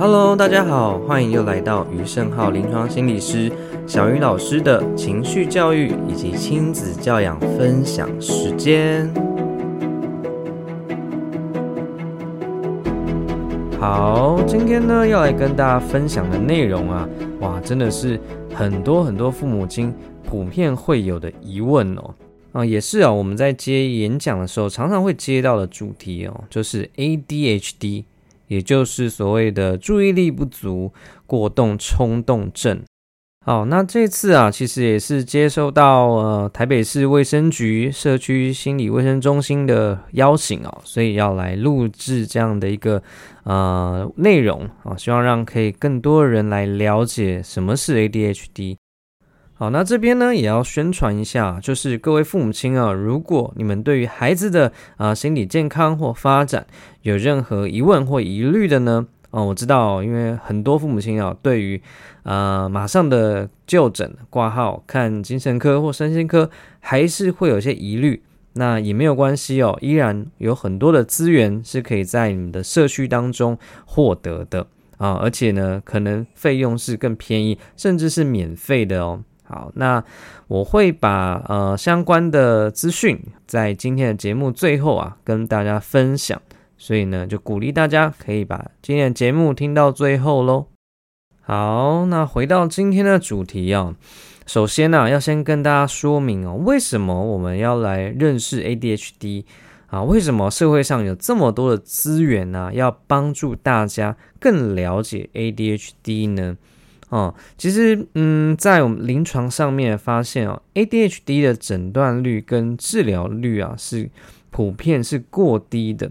Hello，大家好，歡迎又來到余勝皓臨床心理師小魚老師的情緒教育以及親子教養分享時間。好，今天呢要來跟大家分享的內容啊，哇，真的是很多很多父母親普遍會有的疑問哦。啊，也是啊、哦，我們在接演講的時候，常常會接到的主題哦，就是 ADHD。也就是所謂的注意力不足過動衝動症。好，那這次啊，其實也是接受到呃台北市衛生局社區心理衛生中心的邀請哦，所以要來錄制這樣的一個呃內容哦，希望讓可以更多人來了解什麼是 ADHD。好，那這邊呢，也要宣傳一下，就是各位父母親啊，如果你們對於孩子的啊、呃、心理健康或發展有任何疑問或疑慮的呢，哦、呃，我知道、哦，因為很多父母親啊，對於啊、呃、馬上的就診掛號看精神科或身心科，還是會有些疑慮，那也沒有關係哦，依然有很多的資源是可以在你們的社區當中獲得的啊、呃，而且呢，可能費用是更便宜，甚至是免費的哦。好，那我會把呃相關的資訊在今天的節目最後啊跟大家分享，所以呢就鼓勵大家可以把今天的節目聽到最後嘍。好，那回到今天的主題啊，首先呢要先跟大家說明哦，為什麼我們要來認識 ADHD 啊？為什麼社會上有這麼多的資源呢？要幫助大家更了解 ADHD 呢？哦，其實，嗯，在我們臨床上面發現哦，ADHD 的診斷率跟治療率啊是普遍是過低的，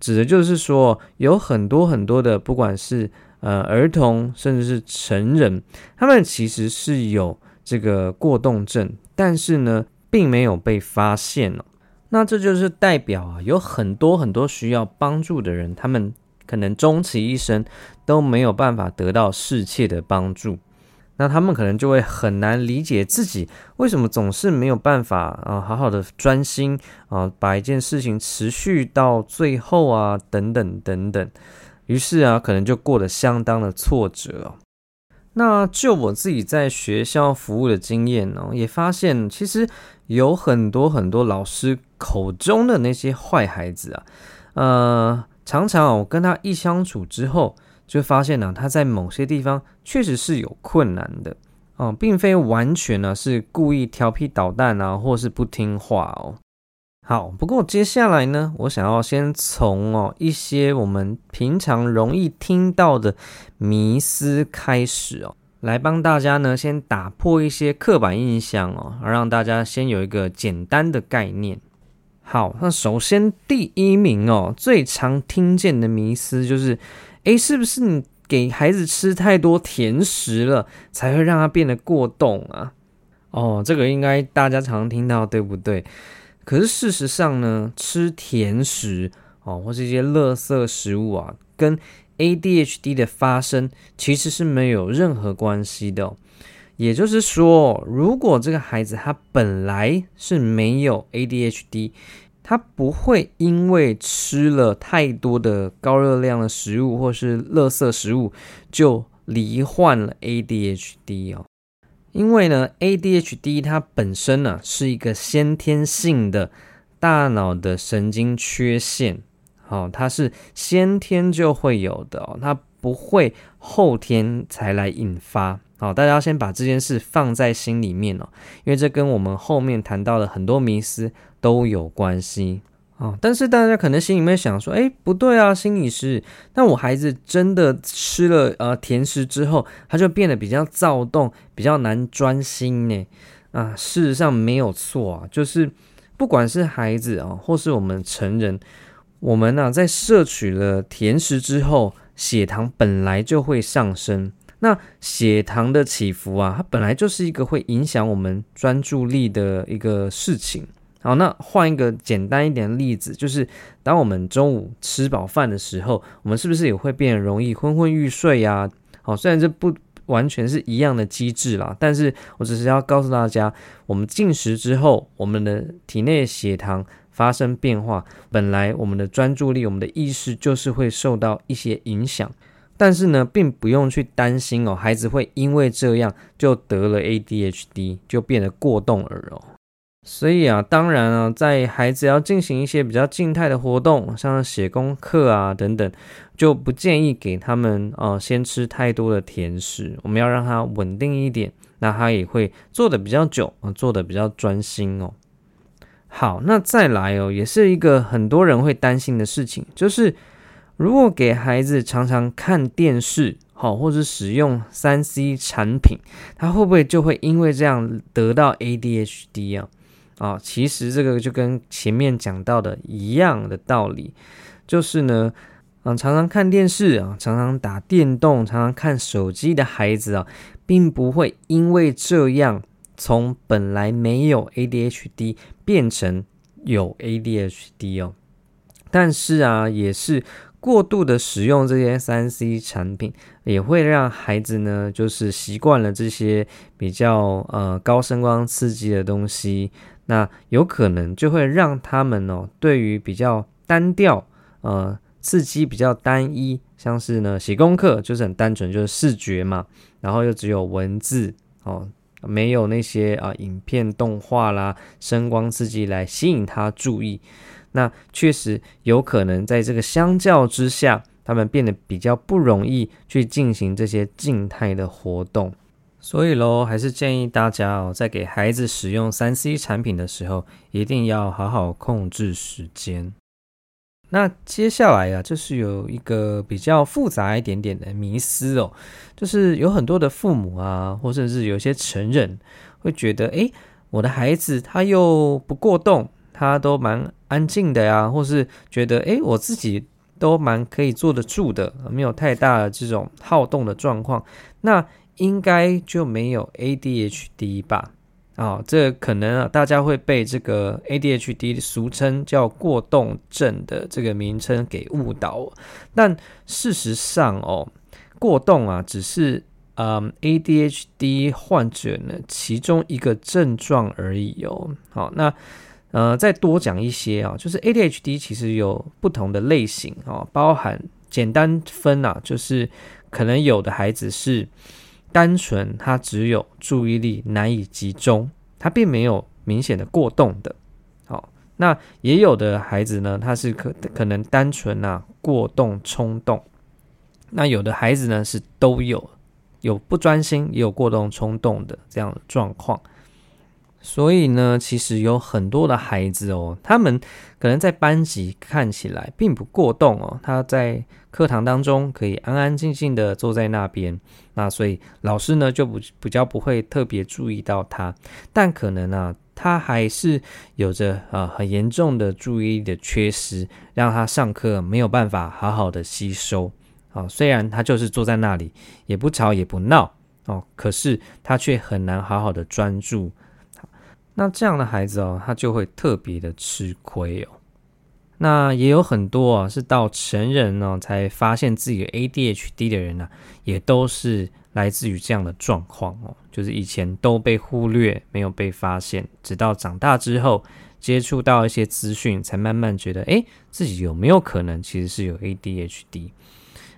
指的就是說有很多很多的，不管是呃兒童甚至是成人，他們其實是有這個過動症，但是呢，並沒有被發現哦。那這就是代表啊，有很多很多需要幫助的人，他們。可能終其一生都沒有辦法得到適切的幫助，那他們可能就會很難理解自己為什麼總是沒有辦法啊，好好的專心啊，把一件事情持續到最後啊，等等等等。於是啊，可能就過得相當的挫折。那就我自己在學校服務的經驗呢、哦，也發現其實有很多很多老師口中的那些壞孩子啊，呃。常常哦、啊，我跟他一相處之後，就發現呢、啊，他在某些地方確實是有困難的啊、哦，並非完全呢、啊、是故意調皮搗蛋啊，或是不聽話哦。好，不過接下來呢，我想要先從哦一些我們平常容易聽到的迷思開始哦，來幫大家呢先打破一些刻板印象哦，讓大家先有一個簡單的概念。好，那首先第一名哦，最常聽見的迷思就是，誒，是不是你給孩子吃太多甜食了，才會讓他變得過動啊？哦，這個應該大家常聽到，對不對？可是事實上呢，吃甜食哦，或是一些垃圾食物啊，跟 ADHD 的發生其實是沒有任何關係的哦。也就是說，如果這個孩子他本來是沒有 ADHD，他不會因為吃了太多的高熱量的食物或是垃圾食物就罹患了 ADHD 哦。因為呢，ADHD 它本身呢是一個先天性的大腦的神經缺陷，好、哦，它是先天就會有的，它、哦、不會後天才來引發。好，大家先把這件事放在心裡面哦，因為這跟我們後面談到的很多迷思都有關係哦，但是大家可能心裡面想說，哎，不對啊，心理師，那我孩子真的吃了呃甜食之後，他就變得比較躁動，比較難專心呢啊。事實上沒有錯啊，就是不管是孩子啊，或是我們成人，我們呢啊，在攝取了甜食之後，血糖本來就會上升。那血糖的起伏啊，它本來就是一個會影響我們專注力的一個事情。好，那換一個簡單一點的例子，就是當我們中午吃飽飯的時候，我們是不是也會變得容易昏昏欲睡呀、啊？好，雖然這不完全是一樣的機制啦，但是我只是要告訴大家，我們進食之後，我們的體內血糖發生變化，本來我們的專注力、我們的意識就是會受到一些影響。但是呢，並不用去擔心哦，孩子會因為這樣就得了 ADHD，就變得過動兒哦。所以啊，當然啊，在孩子要進行一些比較靜態的活動，像寫功課啊等等，就不建議給他們、呃、先吃太多的甜食。我們要讓他穩定一點，那他也會做得比較久，啊，做得比較專心哦。好，那再來哦，也是一個很多人會擔心的事情，就是。如果給孩子常常看電視，好、哦，或是使用三 C 產品，他會不會就會因為這樣得到 ADHD 啊？啊、哦，其實這個就跟前面講到的一樣的道理，就是呢，啊、嗯，常常看電視啊，常常打電動，常常看手機的孩子啊，並不會因為這樣從本來沒有 ADHD 變成有 ADHD 哦。但是啊，也是。過度的使用這些三 C 產品，也會讓孩子呢，就是習慣了這些比較呃高聲光刺激的東西，那有可能就會讓他們哦，對於比較單調呃刺激比較單一，像是呢寫功課就是很單純就是視覺嘛，然後又只有文字哦，沒有那些啊、呃、影片、動畫啦聲光刺激來吸引他注意。那確實有可能，在這個相較之下，他們變得比較不容易去進行這些靜態的活動。所以嘍，還是建議大家哦，在給孩子使用 3C 產品的時候，一定要好好控制時間。那接下來啊，就是有一個比較複雜一點點的迷思哦，就是有很多的父母啊，或甚至有些成人會覺得，哎，我的孩子他又不過動。他都蠻安靜的呀，或是覺得哎，我自己都蠻可以坐得住的，沒有太大的這種好動的狀況，那應該就沒有 ADHD 吧？啊、哦，這可能啊，大家會被這個 ADHD 俗稱叫過動症的這個名稱給誤導，但事實上哦，過動啊，只是嗯、呃、ADHD 患者呢，其中一個症狀而已哦。好、哦，那。呃，再多講一些啊，就是 ADHD 其實有不同的類型哦、啊，包含簡單分吶、啊，就是可能有的孩子是單純他只有注意力難以集中，他並沒有明顯的過動的，哦，那也有的孩子呢，他是可可能單純吶、啊、過動衝動，那有的孩子呢是都有有不專心，也有過動衝動的這樣的狀況。所以呢，其實有很多的孩子哦，他們可能在班級看起來並不過動哦，他在課堂當中可以安安靜靜的坐在那邊，那所以老師呢就不比較不會特別注意到他，但可能啊，他還是有着、呃、很嚴重的注意力的缺失，讓他上課沒有辦法好好的吸收哦、呃。雖然他就是坐在那裡，也不吵也不鬧哦、呃，可是他卻很難好好的專注。那這樣的孩子哦，他就會特別的吃虧哦。那也有很多啊、哦，是到成人呢、哦、才發現自己 ADHD 的人呢、啊，也都是來自於這樣的狀況哦，就是以前都被忽略，沒有被發現，直到長大之後接觸到一些資訊，才慢慢覺得，哎、欸，自己有沒有可能其實是有 ADHD。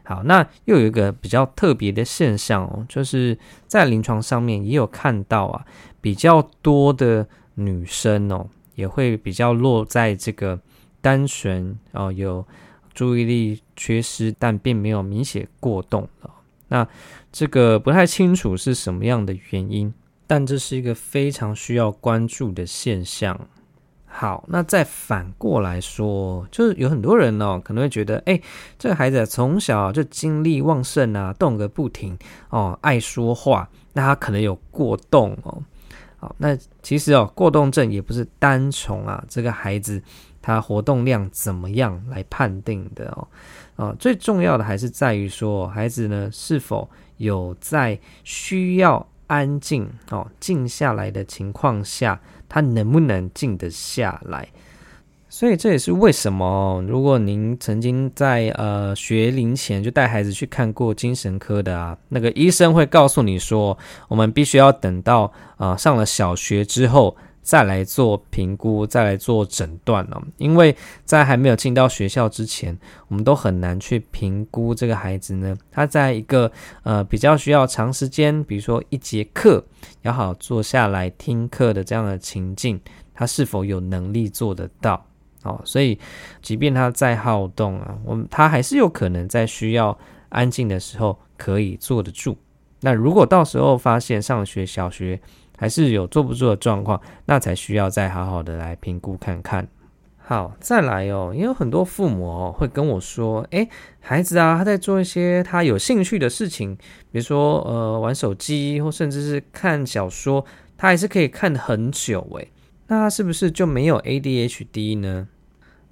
好，那又有一個比較特別的現象哦，就是在臨床上面也有看到啊，比較多的女生哦，也會比較落在這個單純哦，有注意力缺失，但並沒有明顯過動。哦，那這個不太清楚是什麼樣的原因，但這是一個非常需要關注的現象。好，那再反過來說，就是有很多人哦，可能會覺得，哎、欸，這個孩子從小就精力旺盛啊，動個不停哦，愛說話，那他可能有過動哦。好、哦，那其實哦，過動症也不是單從啊這個孩子他活動量怎麼樣來判定的哦。啊、哦，最重要的還是在於說，孩子呢是否有在需要安靜哦，靜下來的情況下。他能不能靜得下來？所以這也是為什麼，如果您曾經在呃學齡前就帶孩子去看過精神科的啊，那個醫生會告訴你說，我們必須要等到啊，呃，上了小學之後。再來做評估，再來做診斷哦。因為在還沒有進到學校之前，我們都很難去評估這個孩子呢。他在一個呃比較需要長時間，比如說一節課，要好坐下來聽課的這樣的情境，他是否有能力做得到？哦，所以即便他再好動啊，我們他還是有可能在需要安靜的時候可以坐得住。那如果到時候發現上學、小學，還是有坐不住的狀況，那才需要再好好的來評估看看。好，再來哦，也有很多父母哦會跟我說：“哎、欸，孩子啊，他在做一些他有興趣的事情，比如說呃玩手機，或甚至是看小說，他還是可以看很久哎，那他是不是就沒有 ADHD 呢？”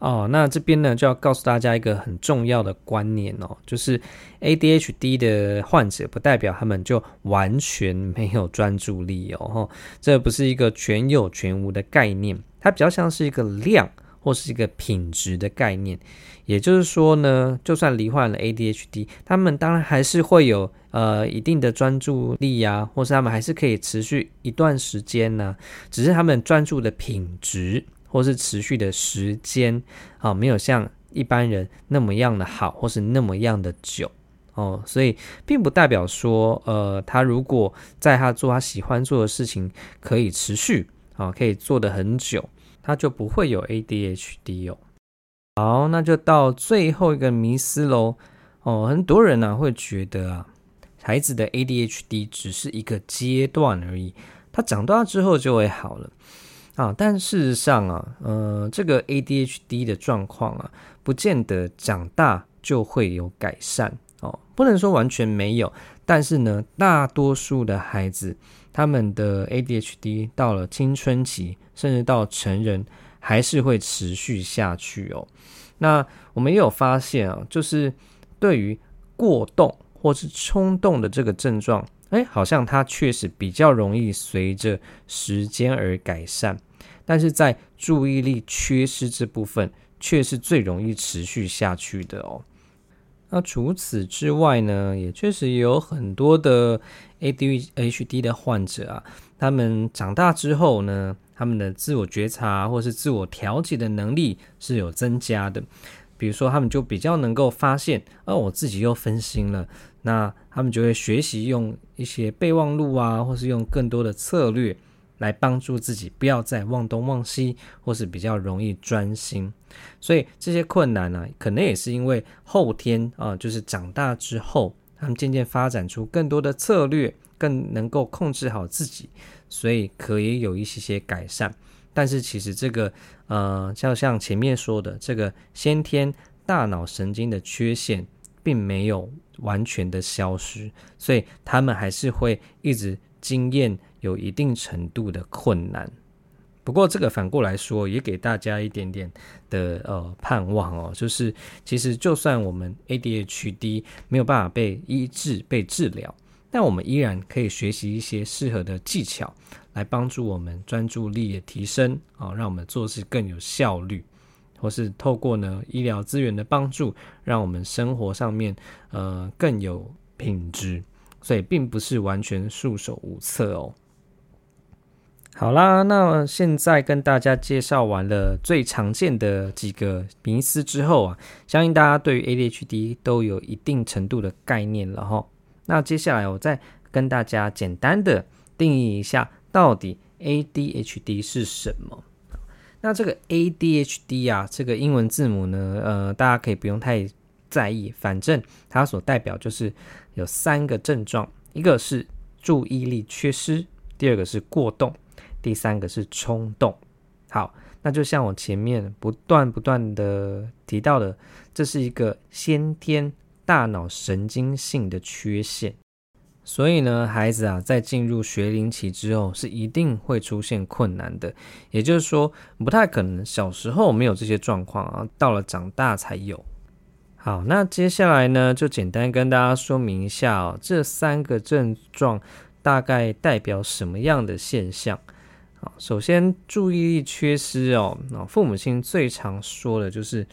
哦，那這邊呢就要告訴大家一個很重要的觀念哦，就是 ADHD 的患者，不代表他們就完全沒有專注力哦，哦，這不是一個全有全無的概念，它比較像是一個量或是一個品質的概念。也就是說呢，就算罹患了 ADHD，他們當然還是會有呃一定的專注力呀、啊，或是他們還是可以持續一段時間呢、啊，只是他們專注的品質。或是持續的時間啊、哦，沒有像一般人那麼樣的好，或是那麼樣的久哦，所以並不代表說，呃，他如果在他做他喜歡做的事情，可以持續啊、哦，可以做得很久，他就不會有 ADHD 哦。好，那就到最後一個迷思嘍。哦，很多人呢、啊、會覺得啊，孩子的 ADHD 只是一個階段而已，他長大之後就會好了。啊，但事實上啊，呃，這個 ADHD 的狀況啊，不見得長大就會有改善哦，不能說完全沒有，但是呢，大多數的孩子他們的 ADHD 到了青春期，甚至到成人，還是會持續下去哦。那我們也有發現啊，就是對於過動或是衝動的這個症狀，哎，好像它確實比較容易隨着時間而改善。但是在注意力缺失這部分，卻是最容易持續下去的哦。那除此之外呢，也確實有很多的 ADHD 的患者啊，他們長大之後呢，他們的自我覺察或是自我調節的能力是有增加的。比如說，他們就比較能夠發現，哦、啊，我自己又分心了，那他們就會學習用一些備忘錄啊，或是用更多的策略。來幫助自己，不要再忘東忘西，或是比較容易專心。所以這些困難呢、啊，可能也是因為後天啊、呃，就是長大之後，他們漸漸發展出更多的策略，更能夠控制好自己，所以可以有一些些改善。但是其實這個呃，就像前面說的，這個先天大腦神經的缺陷，並沒有完全的消失，所以他們還是會一直經驗。有一定程度的困難，不過這個反過來說，也給大家一點點的呃盼望哦，就是其實就算我們 ADHD 沒有辦法被醫治、被治療，但我們依然可以學習一些適合的技巧，來幫助我們專注力的提升啊，哦，讓我們做事更有效率，或是透過呢醫療資源的幫助，讓我們生活上面呃更有品質，所以並不是完全束手無策哦。好啦，那現在跟大家介紹完了最常見的幾個名詞之後啊，相信大家對於 ADHD 都有一定程度的概念了哈。那接下來我再跟大家簡單的定義一下，到底 ADHD 是什麼？那這個 ADHD 啊，這個英文字母呢，呃，大家可以不用太在意，反正它所代表就是有三個症狀，一個是注意力缺失，第二個是過動。第三個是衝動，好，那就像我前面不斷不斷的提到的，這是一個先天大腦神經性的缺陷，所以呢，孩子啊，在進入學齡期之後，是一定會出現困難的，也就是說，不太可能小時候沒有這些狀況啊，到了長大才有。好，那接下來呢，就簡單跟大家說明一下哦，這三個症狀大概代表什麼樣的現象。首先注意力缺失哦，那父母親最常說的就是，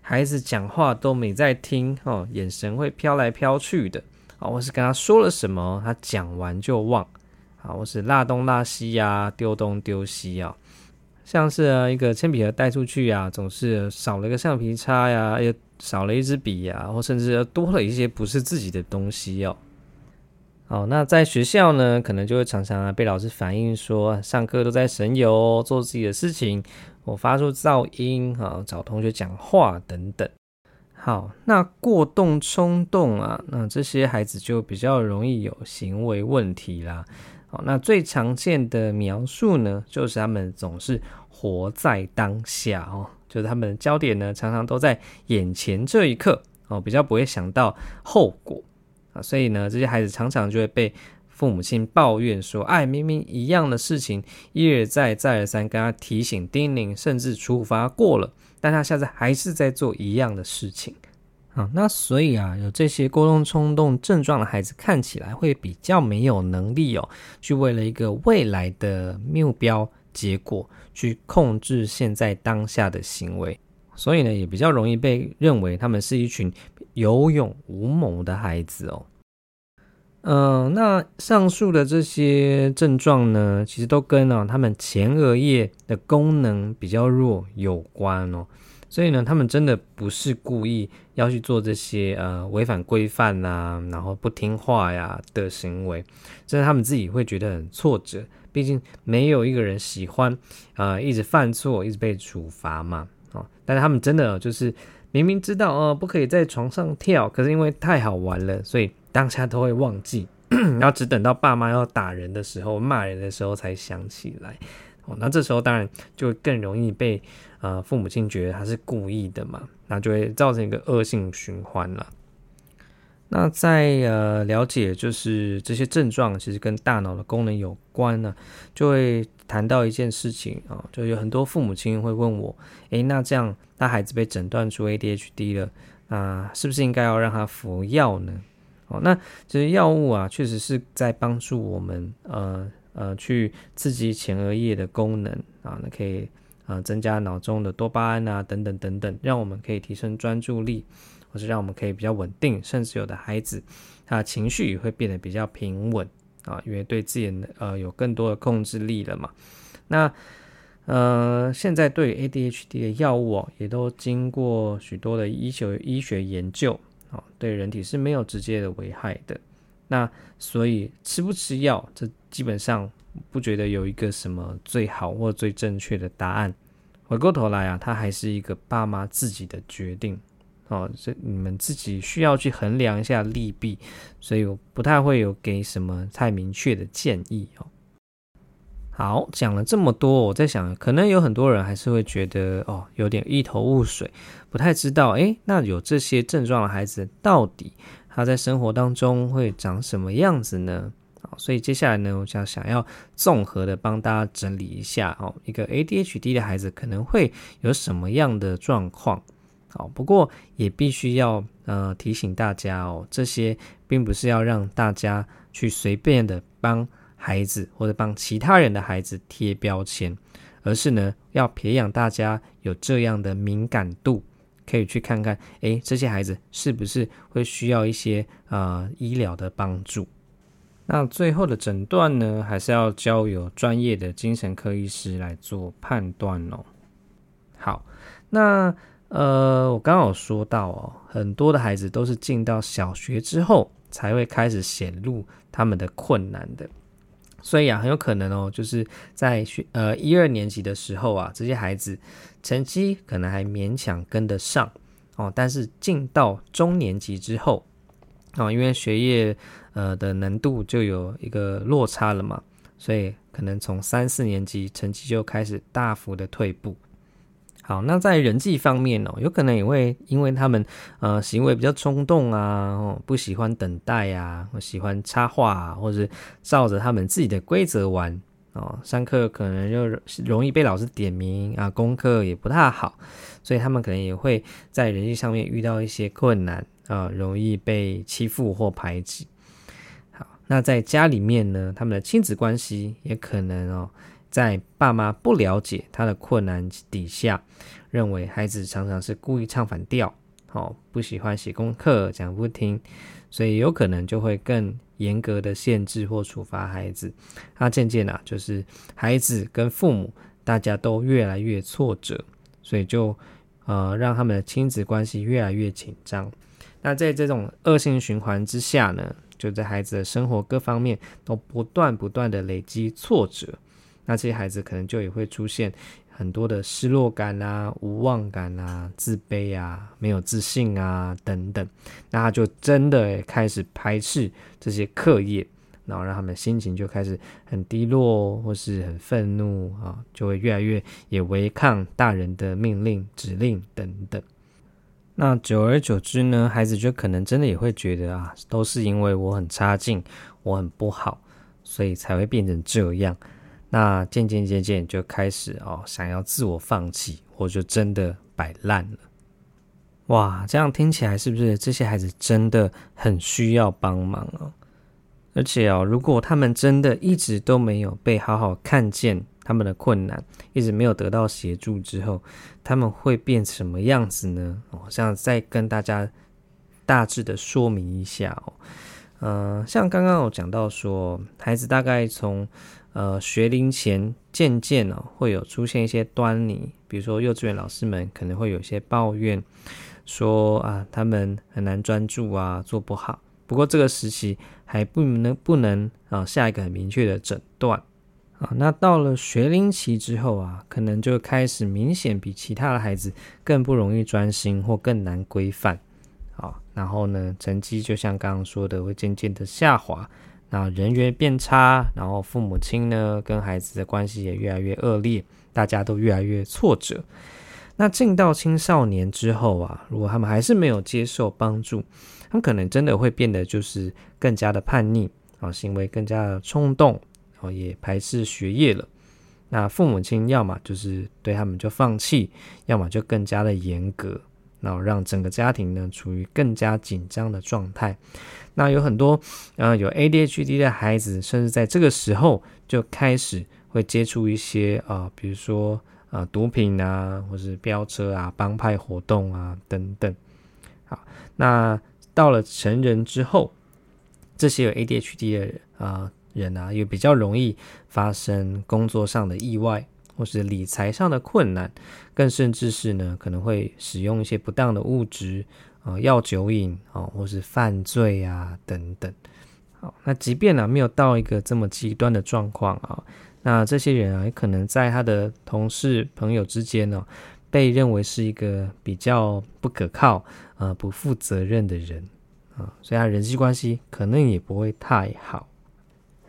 孩子講話都沒在聽哦，眼神會飄來飄去的，啊，或是跟他說了什麼，他講完就忘，我是拉東拉西啊，是拉東拉西呀，丟東丟西啊，哦，像是啊一個鉛筆盒帶出去啊，總是少了一個橡皮擦呀，又少了一支筆呀，或甚至多了一些不是自己的東西哦。好，那在學校呢，可能就會常常啊被老師反映說上課都在神遊，做自己的事情，我、哦、發出噪音，好、哦、找同學講話等等。好，那過動衝動啊，那這些孩子就比較容易有行為問題啦。好，那最常見的描述呢，就是他們總是活在當下哦，就是他們的焦點呢，常常都在眼前這一刻哦，比較不會想到後果。所以呢，這些孩子常常就會被父母親抱怨說：“哎，明明一樣的事情，一而再、再而三跟他提醒、叮嚀，甚至處罰過了，但他下次還是在做一樣的事情。”啊，那所以啊，有這些過動衝動症狀的孩子，看起來會比較沒有能力哦，去為了一個未來的目標、結果，去控制現在當下的行為。所以呢，也比較容易被認為他們是一群有勇無謀的孩子哦。嗯、呃，那上述的這些症狀呢，其實都跟呢、哦、他們前額葉的功能比較弱有關哦。所以呢，他們真的不是故意要去做這些呃違反規範啊，然後不聽話呀的行為，這是他們自己會覺得很挫折。畢竟沒有一個人喜歡啊、呃、一直犯錯，一直被處罰嘛。哦，但是他們真的就是明明知道哦、呃、不可以在床上跳，可是因為太好玩了，所以當下都會忘記， 然後只等到爸媽要打人的時候、罵人的時候才想起來。哦，那這時候當然就更容易被呃父母親覺得他是故意的嘛，那就會造成一個惡性循環了。那在呃了解，就是這些症狀其實跟大腦的功能有關呢、啊，就會談到一件事情啊、哦，就有很多父母親會問我，誒，那這樣那孩子被診斷出 ADHD 了啊、呃，是不是應該要讓他服藥呢？哦，那這些藥物啊，確實是在幫助我們呃呃去刺激前額葉的功能啊，那可以啊、呃、增加腦中的多巴胺啊等等等等，讓我們可以提升專注力。或是讓我們可以比較穩定，甚至有的孩子，他情緒會變得比較平穩啊，因為對自己呃有更多的控制力了嘛。那呃，現在對 ADHD 的藥物哦，也都經過許多的醫學醫學研究啊，對人體是沒有直接的危害的。那所以吃不吃藥，這基本上不覺得有一個什麼最好或最正確的答案。回過頭來啊，他還是一個爸媽自己的決定。哦，所以你們自己需要去衡量一下利弊，所以我不太會有給什麼太明確的建議哦。好，講了這麼多，我在想，可能有很多人還是會覺得哦，有點一頭霧水，不太知道，誒，那有這些症狀的孩子到底他在生活當中會長什麼樣子呢？所以接下來呢，我就想要綜合的幫大家整理一下哦，一個 ADHD 的孩子可能會有什麼樣的狀況。好，不過也必須要呃提醒大家哦，這些並不是要讓大家去隨便的幫孩子或者幫其他人的孩子貼標籤，而是呢要培養大家有這樣的敏感度，可以去看看，哎，這些孩子是不是會需要一些呃醫療的幫助？那最後的診斷呢，還是要交由專業的精神科醫師來做判斷哦。好，那。呃，我剛剛有說到哦，很多的孩子都是進到小學之後才會開始顯露他們的困難的，所以啊，很有可能哦，就是在學呃一二年級的時候啊，這些孩子成績可能還勉強跟得上哦，但是進到中年級之後，哦，因為學業呃的難度就有一個落差了嘛，所以可能從三四年級成績就開始大幅的退步。好，那在人際方面哦、喔，有可能也會因為他們呃行為比較衝動啊、喔，不喜歡等待、啊、或喜歡插話、啊，或者是照着他們自己的規則玩哦、喔，上課可能就容易被老師點名啊，功課也不太好，所以他們可能也會在人際上面遇到一些困難啊、喔，容易被欺負或排擠。好，那在家裡面呢，他們的親子關係也可能哦、喔。在爸媽不了解他的困難底下，認為孩子常常是故意唱反調，哦，不喜歡寫功課，講不聽，所以有可能就會更嚴格的限制或處罰孩子。他、啊、漸漸啊，就是孩子跟父母大家都越來越挫折，所以就呃讓他們的親子關係越來越緊張。那在這種惡性循環之下呢，就在孩子的生活各方面都不斷不斷的累積挫折。那這些孩子可能就也會出現很多的失落感啊、無望感啊、自卑啊、沒有自信啊等等。那他就真的開始排斥這些課業，然後讓他們心情就開始很低落，或是很憤怒啊，就會越來越也違抗大人的命令、指令等等。那久而久之呢，孩子就可能真的也會覺得啊，都是因為我很差勁，我很不好，所以才會變成這樣。那漸漸漸漸就開始哦，想要自我放棄，我就真的擺爛了。哇，這樣聽起來是不是這些孩子真的很需要幫忙哦？而且哦，如果他們真的一直都沒有被好好看見他們的困難，一直沒有得到協助之後，他們會變成什麼樣子呢？我、哦、想再跟大家大致的說明一下哦，嗯、呃，像剛剛我講到說，孩子大概從。呃，學齡前漸漸哦會有出現一些端倪，比如說幼稚園老師們可能會有一些抱怨說，說啊他們很難專注啊，做不好。不過這個時期還不能不能啊下一個很明確的診斷啊。那到了學齡期之後啊，可能就開始明顯比其他的孩子更不容易專心或更難規範啊。然後呢，成績就像剛剛說的，會漸漸的下滑。然後人緣變差，然後父母親呢，跟孩子的關係也越來越惡劣，大家都越來越挫折。那進到青少年之後啊，如果他們還是沒有接受幫助，他們可能真的會變得就是更加的叛逆啊，行為更加的衝動，然後也排斥學業了。那父母親要麼就是對他們就放棄，要麼就更加的嚴格。那我讓整個家庭呢處於更加緊張的狀態。那有很多，呃，有 ADHD 的孩子，甚至在這個時候就開始會接觸一些啊，呃，比如說啊，呃，毒品啊，或是飆車啊、幫派活動啊等等。好，那到了成人之後，這些有 ADHD 的啊人，呃，人啊，也比較容易發生工作上的意外。或是理財上的困難，更甚至是呢，可能會使用一些不當的物質啊，藥、呃、酒癮啊、呃，或是犯罪啊等等。好，那即便呢、啊，沒有到一個這麼極端的狀況啊、哦，那這些人啊也可能在他的同事朋友之間呢，被認為是一個比較不可靠啊、呃、不負責任的人啊、哦，所以他人際關係可能也不會太好。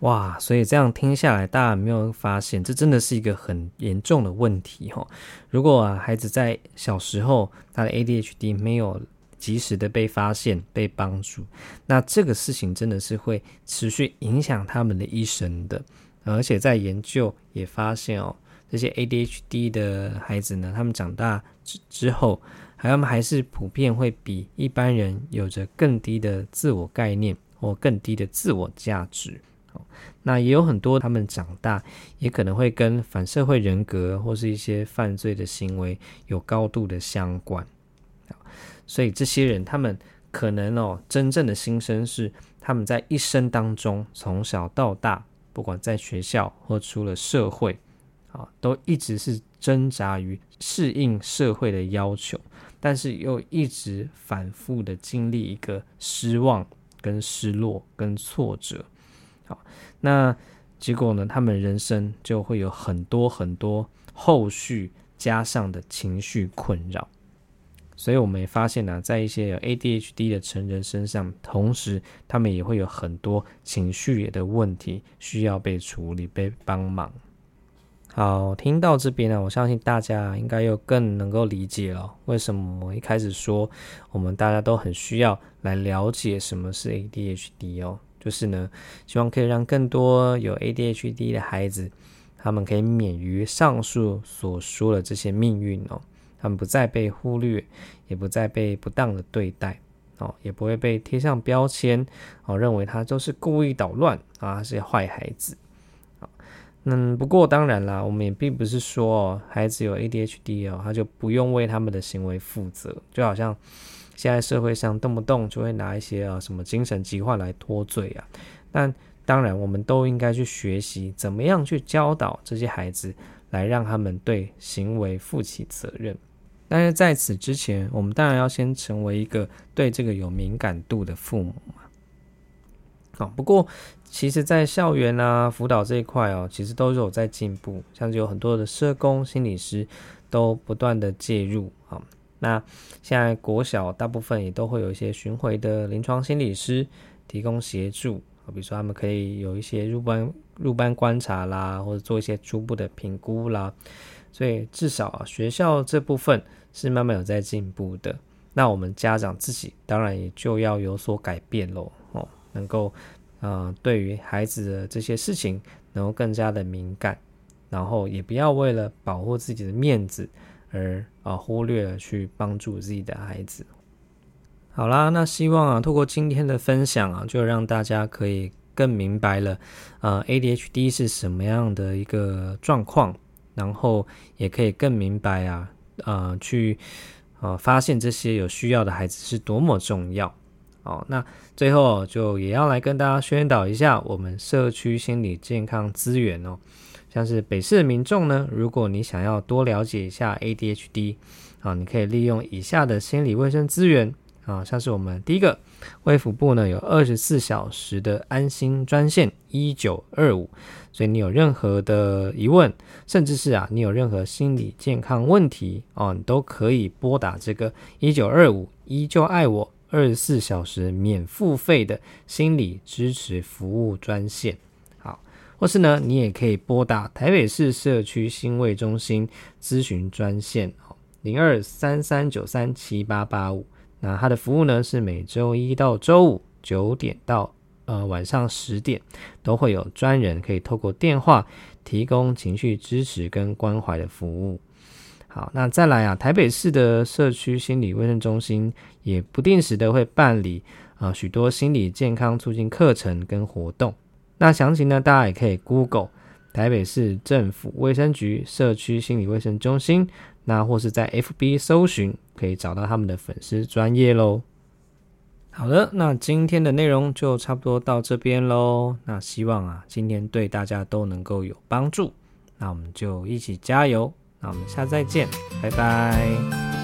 哇，所以這樣聽下來，大家有沒有發現，這真的是一個很嚴重的問題哈、哦。如果、啊、孩子在小時候他的 ADHD 沒有及時的被發現、被幫助，那這個事情真的是會持續影響他們的一生的。而且在研究也發現哦，這些 ADHD 的孩子呢，他們長大之之後，他們還是普遍會比一般人有着更低的自我概念或更低的自我價值。那也有很多，他們長大也可能會跟反社會人格或是一些犯罪的行為有高度的相關。所以這些人他們可能哦，真正的心聲是他們在一生當中從小到大，不管在學校或出了社會，啊，都一直是掙扎於適應社會的要求，但是又一直反復的經歷一個失望，跟失落，跟挫折。好，那結果呢，他們人生就會有很多很多後續加上的情緒困擾，所以我們也發現呢、啊，在一些有 ADHD 的成人身上，同時他們也會有很多情緒的問題需要被處理、被幫忙。好，聽到這邊呢，我相信大家應該又更能夠理解了，為什麼我一開始說，我們大家都很需要來了解什麼是 ADHD 哦。就是呢，希望可以讓更多有 ADHD 的孩子，他們可以免於上述所說的這些命運哦，他們不再被忽略，也不再被不當的對待哦，也不會被貼上標籤哦，認為他就是故意搗亂啊，他是壞孩子，哦。嗯，不過當然啦，我們也並不是說哦，孩子有 ADHD 哦，他就不用為他們的行為負責，就好像。現在社會上動不動就會拿一些啊什麼精神疾患，來脫罪啊，但當然我們都應該去學習怎麼樣去教導這些孩子，來讓他們對行為負起責任。但是在此之前，我們當然要先成為一個對這個有敏感度的父母嘛。好、啊，不過其實，在校園啊輔導這一塊哦、啊，其實都是有在進步，像是有很多的社工、心理師都不斷的介入啊。那現在國小大部分也都會有一些巡迴的臨床心理師提供協助，比如說他們可以有一些入班入班觀察啦，或者做一些初步的評估啦。所以至少啊，學校這部分是慢慢有在進步的。那我們家長自己當然也就要有所改變咯，哦，能夠，呃，對於孩子的這些事情能夠更加的敏感，然後也不要為了保護自己的面子，而啊，忽略了去幫助自己的孩子。好啦，那希望啊，透過今天的分享啊，就讓大家可以更明白了，呃，ADHD 是什麼樣的一個狀況，然後也可以更明白啊，呃，去呃發現這些有需要的孩子是多麼重要哦。好，那最後就也要來跟大家宣導一下我們社區心理健康資源哦。像是北市的民眾呢，如果你想要多了解一下 ADHD 啊，你可以利用以下的心理衛生資源啊，像是我們第一個衛福部呢，有二十四小時的安心專線一九二五，所以你有任何的疑問，甚至是啊，你有任何心理健康問題啊，你都可以撥打這個一九二五，依舊愛我，二十四小時免付費的心理支持服務專線。或是呢，你也可以撥打台北市社區心衛中心諮詢專線，零二三三九三七八八五。那它的服務呢，是每周一到周五九點到呃晚上十點，都會有專人可以透過電話提供情緒支持跟關懷的服務。好，那再來啊，台北市的社區心理衛生中心也不定時的會辦理啊，呃，許多心理健康促進課程跟活動。那詳情呢，大家也可以 Google 台北市政府衛生局社區心理衛生中心，那或是在 FB 搜尋，可以找到他們的粉絲專頁嘍。好的，那今天的內容就差不多到這邊嘍。那希望啊，今天對大家都能夠有幫助。那我們就一起加油。那我們下次再見，拜拜。